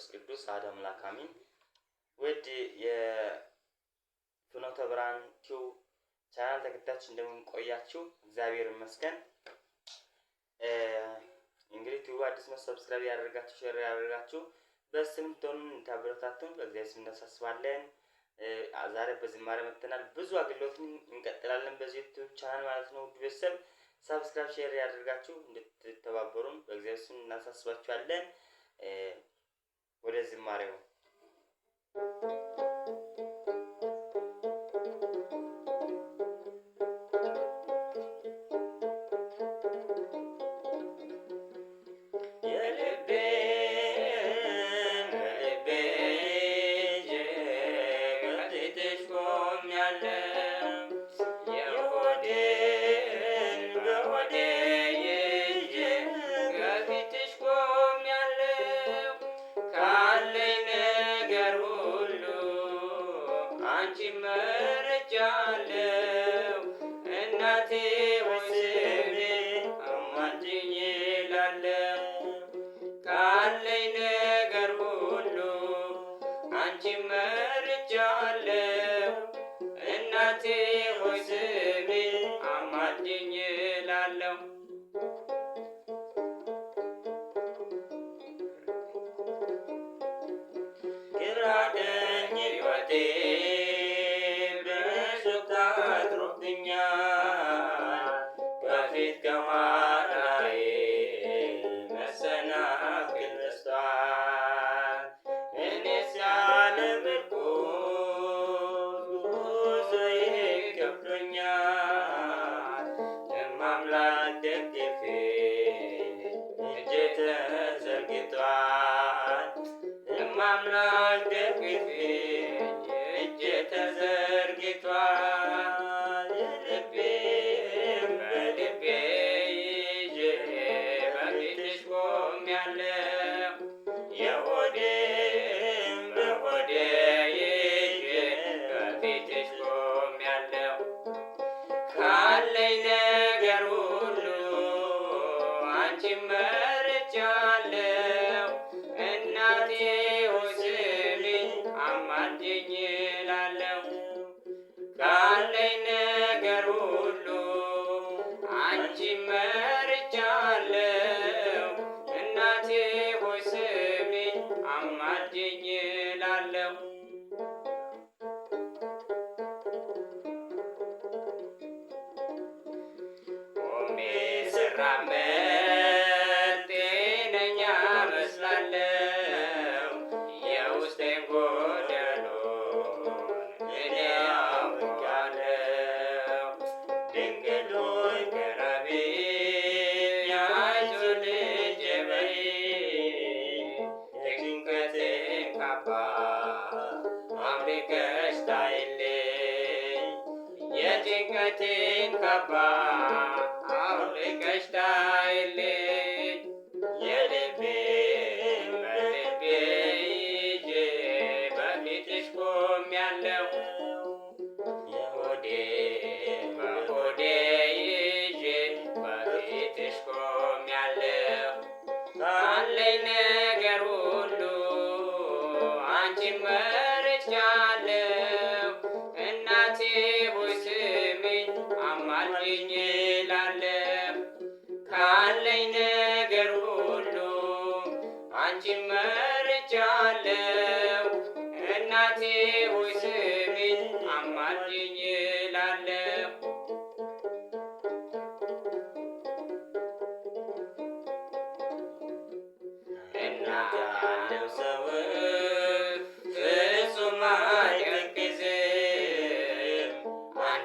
መንፈስ ቅዱስ አሐዱ አምላክ አሜን። ውድ የፍኖተ ብርሃን ቲዩብ ቻናል ተከታዮች እንደምን ቆያችሁ? እግዚአብሔር ይመስገን። እንግዲህ ቲዩብ አዲስ መስ ሰብስክራይብ ያደርጋችሁ፣ ሼር ያደርጋችሁ፣ በስም ተሆኑ እንድታበረታቱን በእግዚአብሔር ስም እናሳስባለን። ዛሬ በዝማሬ መጥተናል። ብዙ አገልግሎትን እንቀጥላለን በዚህ ዩቲዩብ ቻናል ማለት ነው። ውድ ቤተሰብ ሰብስክራይብ ሼር ያደርጋችሁ እንድትተባበሩን በእግዚአብሔር ስም እናሳስባችኋለን። ወደ ዝማሬው አንቺ መርጫለው እናቴ ወስሜ አማልጅኝ ላለው ካለኝ ነገር ሁሉ አንቺ መርጫለው እናቴ ወስሜ አማልጅኝ ላለው ማምላክ ደግፌ ወድኝ ላለው ካለኝ ነገር ሁሉ አንቺ መርጫለው። እናቴ ሆይ ስሚኝ አማልጅኝ ላለው ቆሜ አድርገሽ ታይልኝ የጭንቀቴን ካባ አውልቀሽ ታይልኝ የልቤ በልቤ ይዤ በፊትሽ ቆሜያለሁ አማልኝ ካለኝ ነገር ሁሉ አንቺን መርጫለው እናቴ ሆይ ስሚኝ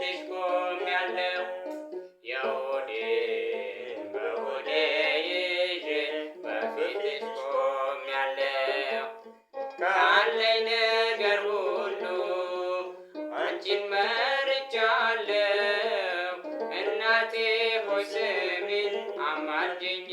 ፊትሽ ያለው የሆዴን በሆዴ ይዤ በፊትሽ ቆሜያለሁ ካለኝ ነገር ሁሉ አንቺን እናቴ ሆይ ስሚኝ አማልጅኝ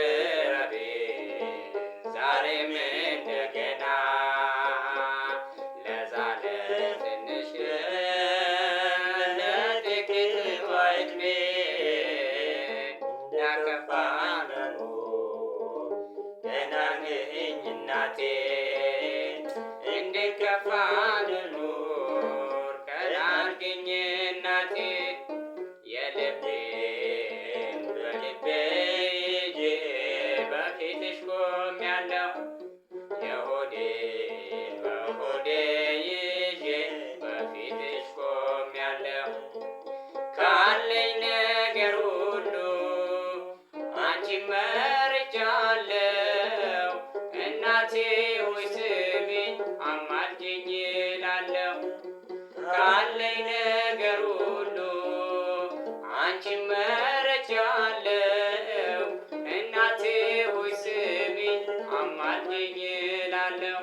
እናቴ እንዴት ከፋ ልኑር ከዳርግኝ እናቴ የልቤን በልቤ ይዤ በፊትሽ ቆሜያለሁ አማልደኝ እላለሁ።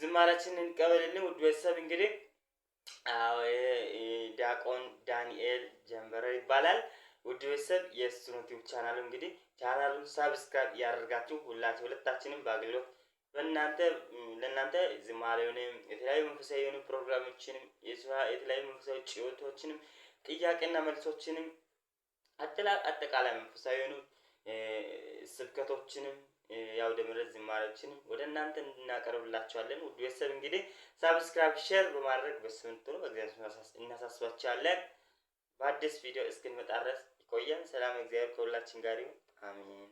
ዝማሬያችንን እንቀበልልን ውድ ቤተሰብ እንግዲህ ዲያቆን ዳንኤል ጀንበረር ይባላል። ውድ ቤተሰብ የእሱን ቻናል እንግዲህ ቻናሉን ሳብስክራይብ ያደርጋችሁ ሁላችሁ ሁለታችንም በአገልግሎት በእናንተ ለእናንተ ዝማሬውንም የተለያዩ መንፈሳዊ የሆኑ ፕሮግራሞችንም የተለያዩ መንፈሳዊ ጭውቶችንም ጥያቄና መልሶችንም አጠቃላይ መንፈሳዊ የሆኑ ስብከቶችንም ያው ደምረ ዝማሬዎችንም ወደ እናንተ እናቀርብላችኋለን። ውድ ቤተሰብ እንግዲህ ሳብስክራይብ ሼር በማድረግ በስምንት ሆኖ በእግዚአብሔር እናሳስባችኋለን። በአዲስ ቪዲዮ እስክንመጣ ድረስ ይቆየን። ሰላም፣ እግዚአብሔር ከሁላችን ጋር ይሁን። አሜን።